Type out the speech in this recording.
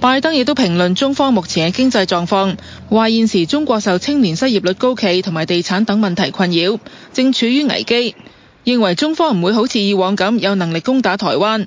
拜登亦都評論中方目前嘅經濟狀況，話現時中國受青年失業率高企同埋地產等問題困擾，正處於危機。認為中方唔會好似以往咁有能力攻打台灣。